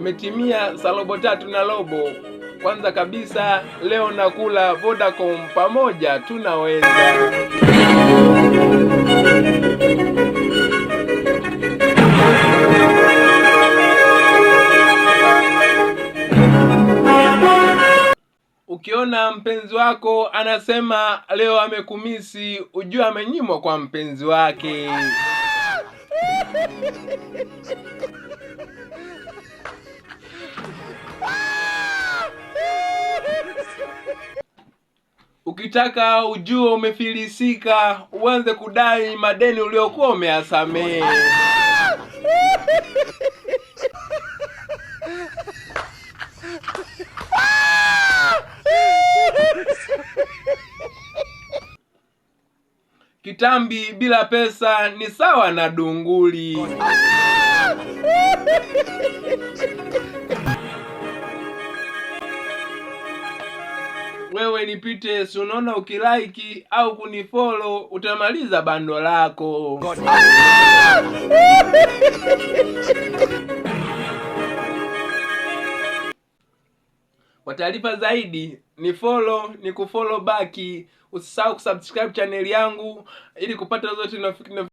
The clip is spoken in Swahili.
Imetimia saa robo tatu na robo. Kwanza kabisa leo nakula Vodacom, pamoja tunaweza. Ukiona mpenzi wako anasema leo amekumisi, ujue amenyimwa kwa mpenzi wake. Ukitaka ujue umefilisika, uanze kudai madeni uliokuwa umeyasamehe. Kitambi bila pesa ni sawa na dunguli. wewe nipite, si unaona ukilike au kunifolo utamaliza bando lako. Kwa taarifa zaidi ni follow, ni kufollow baki. Usisahau kusubscribe chaneli yangu ili kupata zote na